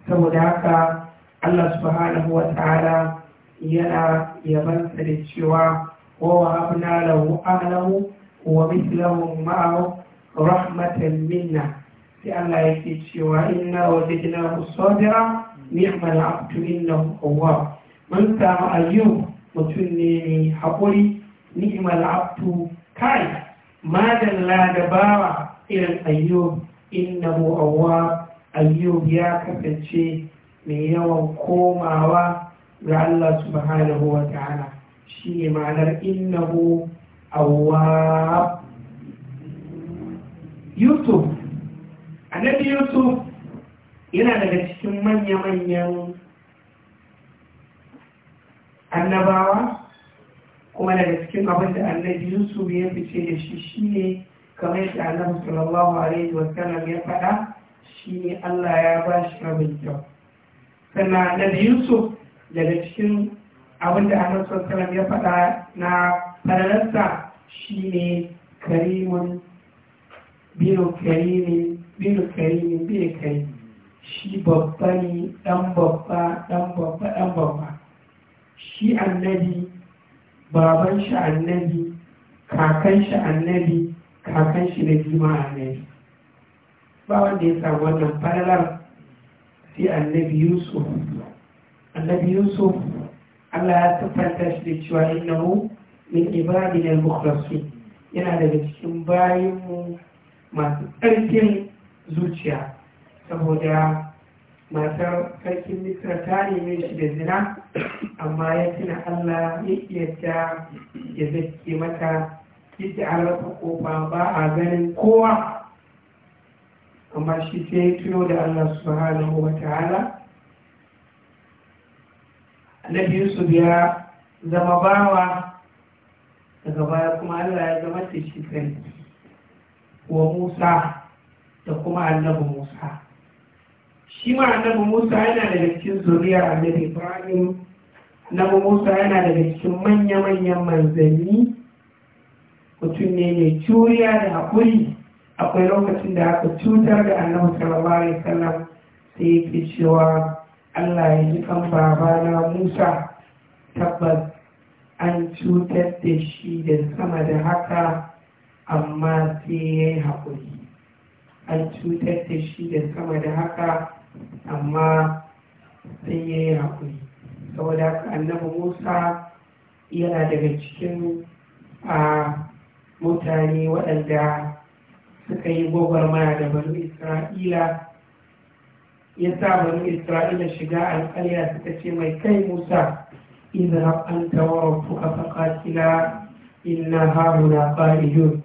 saboda haka Allah subhanahu wa ta'ala yana yabansa da cewa wa wahabna lahu alamu wa mithlahu ma'ahu rahmatan minna sai Allah yake cewa inna wajadnahu sabira ni'mal abdu innahu awwab mun samu ayyub mutum ne mai haƙuri ni'mal abdu kai madalla da bawa irin ayyub innahu awwa ayyub ya kasance mai yawan komawa ga Allah subhanahu wa shi ne ma'anar innahu awwa yusuf annabi yusuf yana daga cikin manya-manyan annabawa kuma daga cikin abin da annabi yusuf ya fice da shi ne kamar yadda annabi sallallahu alaihi wasallam ya faɗa ne allah ya ba shi rabin kyau sannan annabi yusuf daga cikin abin da annabi sallallahu ya faɗa na fararsa shine karimun binu karimin binu karimin binu karimin shi babba ne ɗan babba ɗan babba ɗan babba shi annabi baban shi annabi kakan shi annabi kakan shi da jima annabi ba wanda ya samu wannan falalar sai annabi yusuf annabi yusuf allah ya tafanta shi da cewa innahu min ibadin al-mukhlasin yana daga cikin bayanmu masu ƙarfin zuciya saboda matar sarkin misra ta neme shi da zina amma ya tuna Allah ya yadda ya zake mata yadda an rasa kofa ba a ganin kowa amma shi sai ya tuno da Allah subhanahu wa ta'ala annabi su biya zama bawa daga baya kuma Allah ya zama ta shi wa Musa da kuma annabi Musa shi ma annabi Musa yana da cikin zuriya annabi Ibrahim Nabi Musa yana daga cikin manya-manyan manzanni mutum ne mai juriya da haƙuri akwai lokacin da aka cutar da annabi sallallahu alaihi wasallam sai yake cewa Allah ya ji kan na Musa tabbas an cutar da shi da sama da haka amma sai ya yi haƙuri an cutar da shi da sama da haka amma sai ya yi haƙuri saboda haka annabi musa yana daga cikin a mutane waɗanda suka yi gwagwarmaya da banu isra'ila ya sa banu isra'ila shiga alƙalya suka ce mai kai musa izhab anta wa rabbuka faqatila inna hauna qa'idun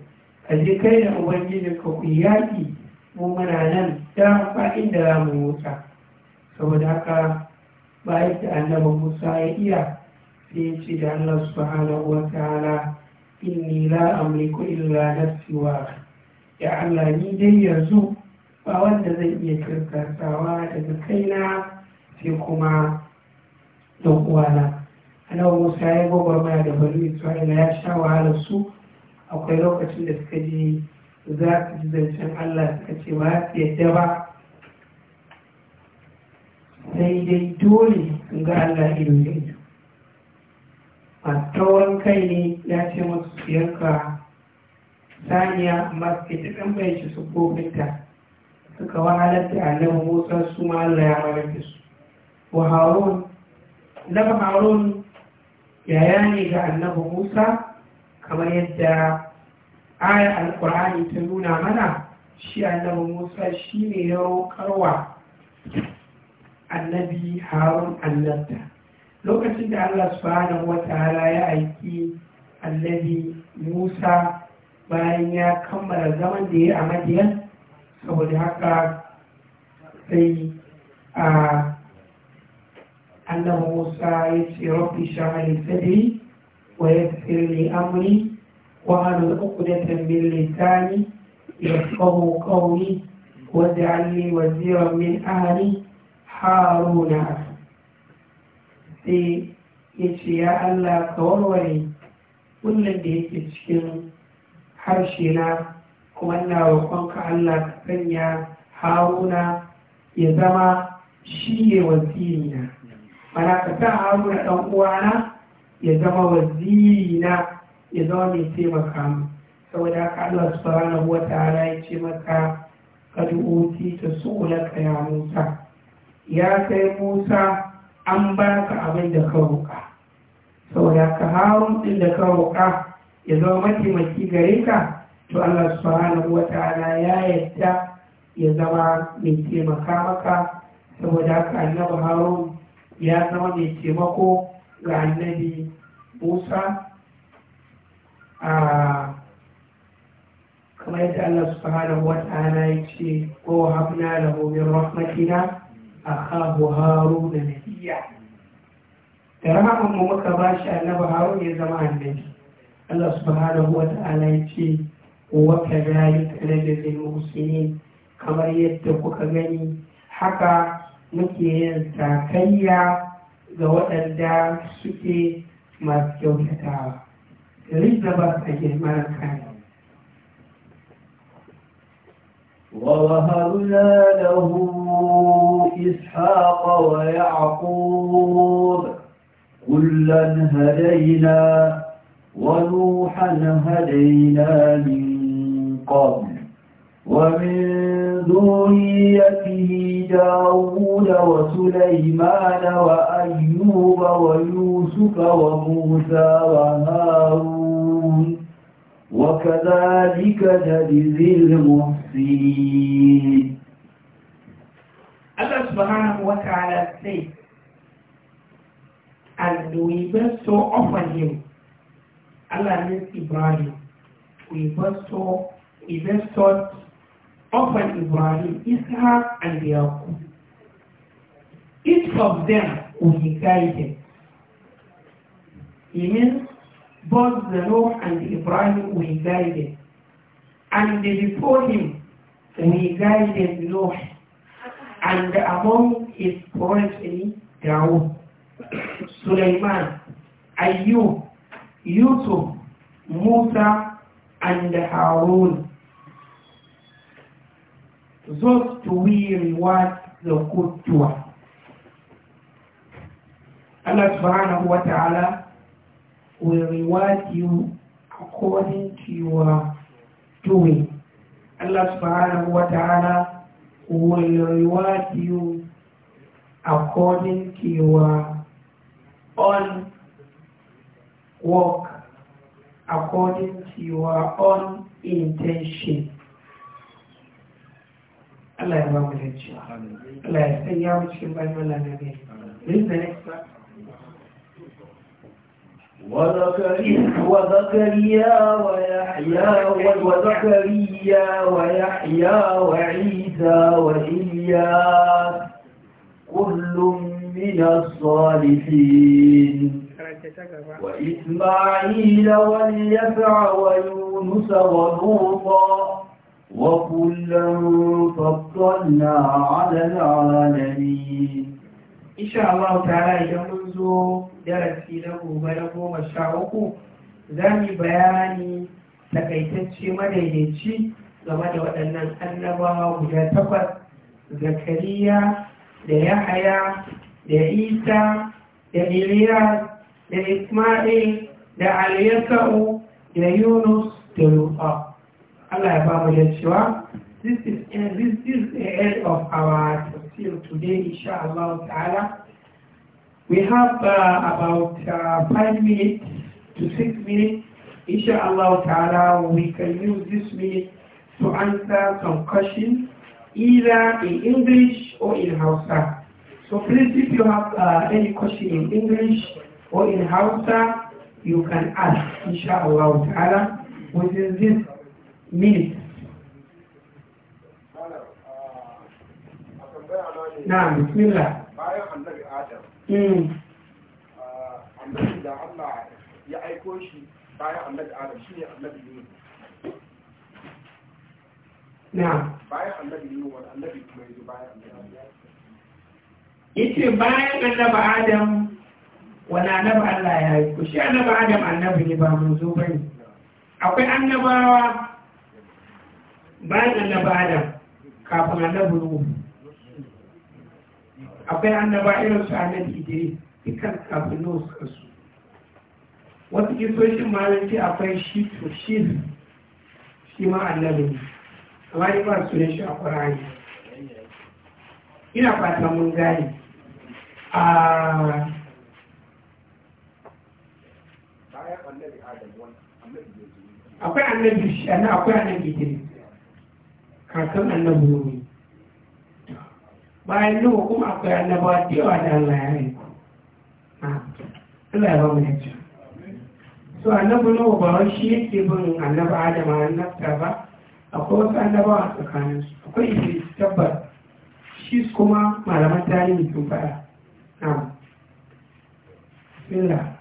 kaji kai da ka ku yaƙi mu muna nan ta fa'in da za mu wuta saboda haka bayan da annabi musa ya iya sai ya ce da allah subhanahu wa ta'ala inni la amliku illa nafsi wa ya allah ni dai yanzu ba wanda zan iya kirkatawa daga kaina sai kuma don uwana annabi musa ya gwagwarmaya da bani isra'ila ya sha wahalar su akwai lokacin da suka je za su ji zancen allah suka ce ba su yadda ba sai dai dole ga Allah ido da ido tawon kai ne ya ce masu siyarka saniya masu suke ta tambaye shi su kofinta suka wahalar da musa su ma Allah ya mara da su wa harun daga harun yaya ne ga annabi musa kamar yadda aya alkur'ani ta nuna mana shi annabi musa shi ne ya rokarwa annabi harun annabta lokacin da allah subhanahu wa ta'ala ya aiki annabi musa bayan ya kammala zaman da ya a madiyan saboda haka sai a annabi musa ya ce rabbi shamali sadri wa yassir amri wa hanu uqdatan min lisani yafqahu qawli an yi wa min ahari haruna sai ya ce ya allah ka warware kullum da yake cikin harshe na kuma ina roƙonka allah ka sanya haruna ya zama shi ne wazirina mana ka sa haruna ɗan uwana ya zama wazirina ya zama mai taimaka mu saboda haka allah subhanahu wa ta'ala ya ce maka kad utita su'ulaka ya musa ya kai musa an ba ka abin da ka roƙa saboda ka harun ɗin da ka roƙa ya zama mataimaki gare ka to allah subhanahu wata'ala ya yadda ya zama mai taimaka maka saboda haka annabi harun ya zama mai taimako ga annabi musa a kamar yadda allah subhanahu ya ce ko hafna da min rahmatina akahu da Nafiya. da rahaman mu muka ba shi annabi harun ya zama annabi Allah subhanahu wa ta'ala ya ce wa kadhalika najzil muhsinin kamar yadda kuka gani haka muke yin takayya ga waɗanda suke masu kyautatawa rizaba a girman kane ووهبنا له إسحاق ويعقوب كلا هدينا ونوحا هدينا من قبل ومن ذريته داود وسليمان وأيوب ويوسف وموسى وهارون وكذلك نجزي المحسنين Allah subhanahu wa ta'ala says, and we bestow upon him, Allah means Ibrahim, we bestow, we bestowed upon Ibrahim, Ishaq and Yaqub. Each of them will be guided. He means both the Noah and Ibrahim will be guided. And before him, we guided Noah and among his progeny Dawood, Suleiman, Ayub, Yusuf, Musa, and Harun. Those do we reward the good doer. Allah subhanahu wa ta'ala will reward you according to your doing. Allah subhanahu wa ta'ala will reward you according to your own work, according to your own intention. Allah ya bamu da cewa. Allah ya san ya wuce bayan Allah na bai. This is the next part. وذكريا ويحيى وزكريا ويحيى وعيسى موسى وإياك كل من الصالحين وإسماعيل واليسع ويونس ولوطا وكلا فضلنا على العالمين إن شاء الله تعالى إذا منذ درسي له بلغه مشاعره زامي بياني takaitacce madaidaici game da waɗannan annabawa guda takwas zakariya da yahaya da isa da iliyas da ismail da aliyasa'u da yunus da lufa allah ya ba mu da cewa this is, uh, this is the end of our tafsir today inshallah ta'ala we have uh, about uh, five minutes to six minutes inshallah ta'ala we can use this minute to answer some questions, either in English or in Hausa. So please, if you have uh, any question in English or in Hausa, you can ask, inshallah ta'ala, within this minute. Na, bismillah. Mm. Annabi na bayan annabi yace bayan annabi adam wani annabi Allah ya yi ku shi annabi adam annabi ne ba zo bane akwai annabawa bayan annabi adam kafin annabi ruhu akwai annaba irin su annabi idiri dukkan kafin nuhu suka su wasu kisoshin malamci akwai shi to shi shi ma annabi ne amma yi ba su ne shi a ƙwararri ina fata mun gane a akwai annabi shi akwai annabi gini kakan annabi ne bayan nuhu kuma akwai annabi a cewa da Allah ya rai Allah ya ba mu yanci so annabi nuna ba wani shi yake bin annabi Adam annabta ba akwai wasu annabawa a tsakaninsu akwai idris tabbas shi kuma malaman tarihi sun faɗa na bismillah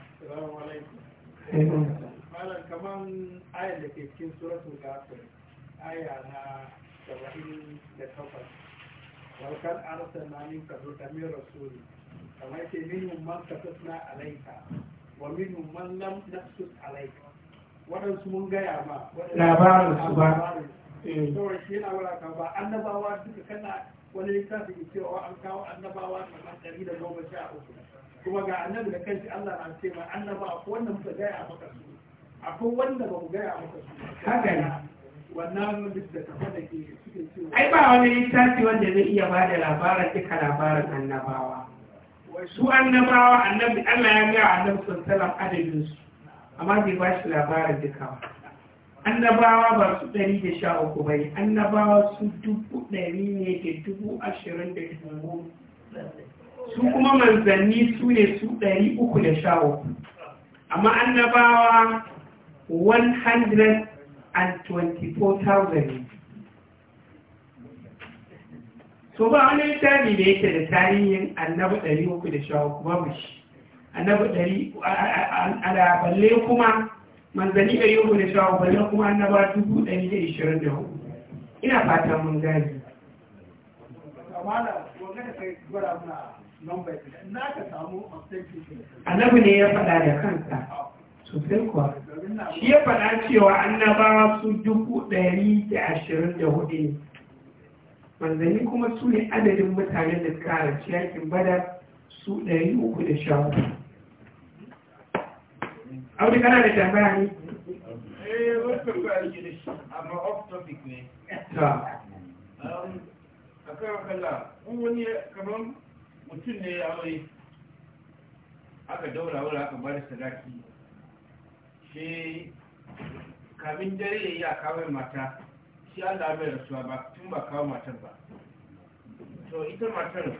malam kaman ayar da ke cikin aya na 78 وكان أرسلنا منك alaika. waɗansu mun gaya ma labarin su ba Eh. sauran shi yana wuraka ba annabawa duka kana wani littafi da cewa an kawo annabawa kamar ɗari da goma sha uku kuma ga annabi da kanshi Allah na ce ma annaba, ko wannan muka gaya a maka su akwai wanda ba mu gaya a maka su haka ne wannan duk da kafa da ke suke cewa ai ba wani littafi wanda zai iya ba da labarin duka labarin annabawa su annabawa annabi Allah ya ga annabi sallallahu alaihi wasallam adadin su amma bai ba shi labarin duka ba annabawa ba su ɗari da sha uku bai annabawa su dubu ɗari ne da dubu ashirin da dubu su kuma manzanni su ne su ɗari uku da sha uku amma annabawa 124,000 so ba wani littafi da yake da tarihin annabi ɗari uku da sha uku babu shi annabi ɗari a balle kuma manzanni da uku da shawo balle kuma annaba dubu ɗari da ishirin da hudu ina fata mun gani annabi ne ya faɗa da kansa sosai kuwa shi ya faɗa cewa annabawa su dubu ɗari da ashirin da hudu ne manzanni kuma su ne adadin mutanen da suka ciyakin yakin bada su ɗari uku da shawo aure kana da tambaya ne eh da um, in wani mutum ne ya aure aka daura wura aka bada sadaki shi kamin ya yi a kawai mata shi allah rasuwa ba tun ba kawo matar ba to ita matar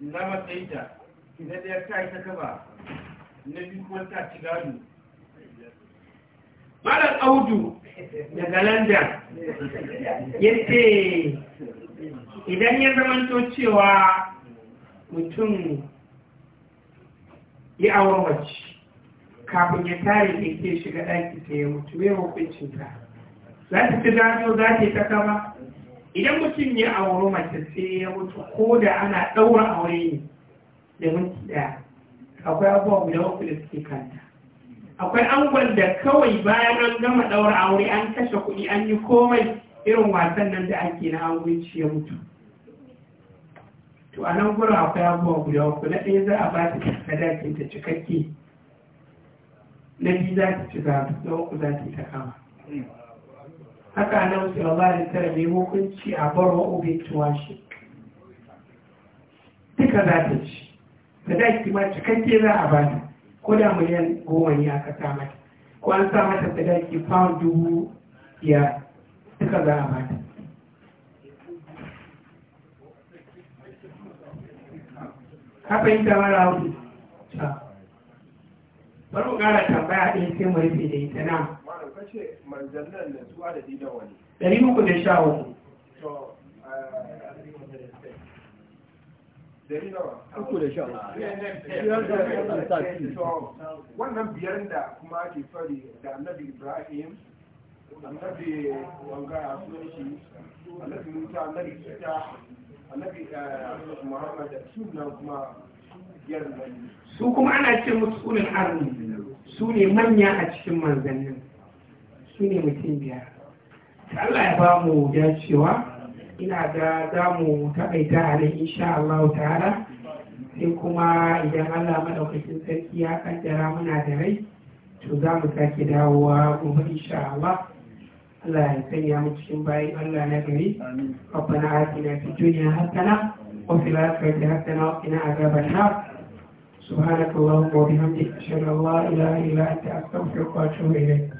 na matsayinta na ɗaya ta yi ta kaba na biyu kuma ta ci gano malam audu daga london ya ce idan ya zamanto cewa mutum ya awon wace, kafin ya tare da ke shiga ɗaki ta ya mutu mai hukuncin ta za ta fi gano za ta yi ta kama idan mutum ya auri mace sai ya mutu ko da ana ɗaura aure ne da mutu ɗaya akwai abubuwa guda uku da suke kanta akwai angon da kawai bayan an gama daura aure an kashe kuɗi an yi komai irin wasan nan da ake na angunci ya mutu to a nan akwai abubuwa guda uku na ɗaya za a ba ta ke ta cikakke na biyu za ta ci zaɓi na uku za ta yi ta kama haka nan sallallahu alaihi tara mai hukunci a bar wa tuwa shi duka za ta ci sadaki ma cikakke za a ba ta ko da miliyan goma ne aka sa mata ko an sa mata daki pound dubu ya duka za a bata ka fahimta mara hudu bari mu kara tambaya ɗaya sai mu rufe da ita na ɗari uku da sha uku uku da sha wannan biyar da kuma fari da annabi ibrahim annabi wanga a sunshi annabi musa annabi kita annabi eh, muhammad kuma biyar su kuma ana ce musu arni su ne manya a cikin manzannin su ne mutum biyar Allah ya ba mu dacewa ina da za mu taƙaita a nan insha Allah ta'ala sai kuma idan Allah madaukakin sarki ya kaddara muna da rai to za mu sake dawowa gobe insha Allah Allah ya sanya mu cikin bayan Allah na gari rabbana atina fid dunya hasana wa fil akhirati hasana wa qina adhaban nar سبحانك اللهم وبحمدك أشهد أن لا إله إلا أنت أستغفرك وأتوب إليك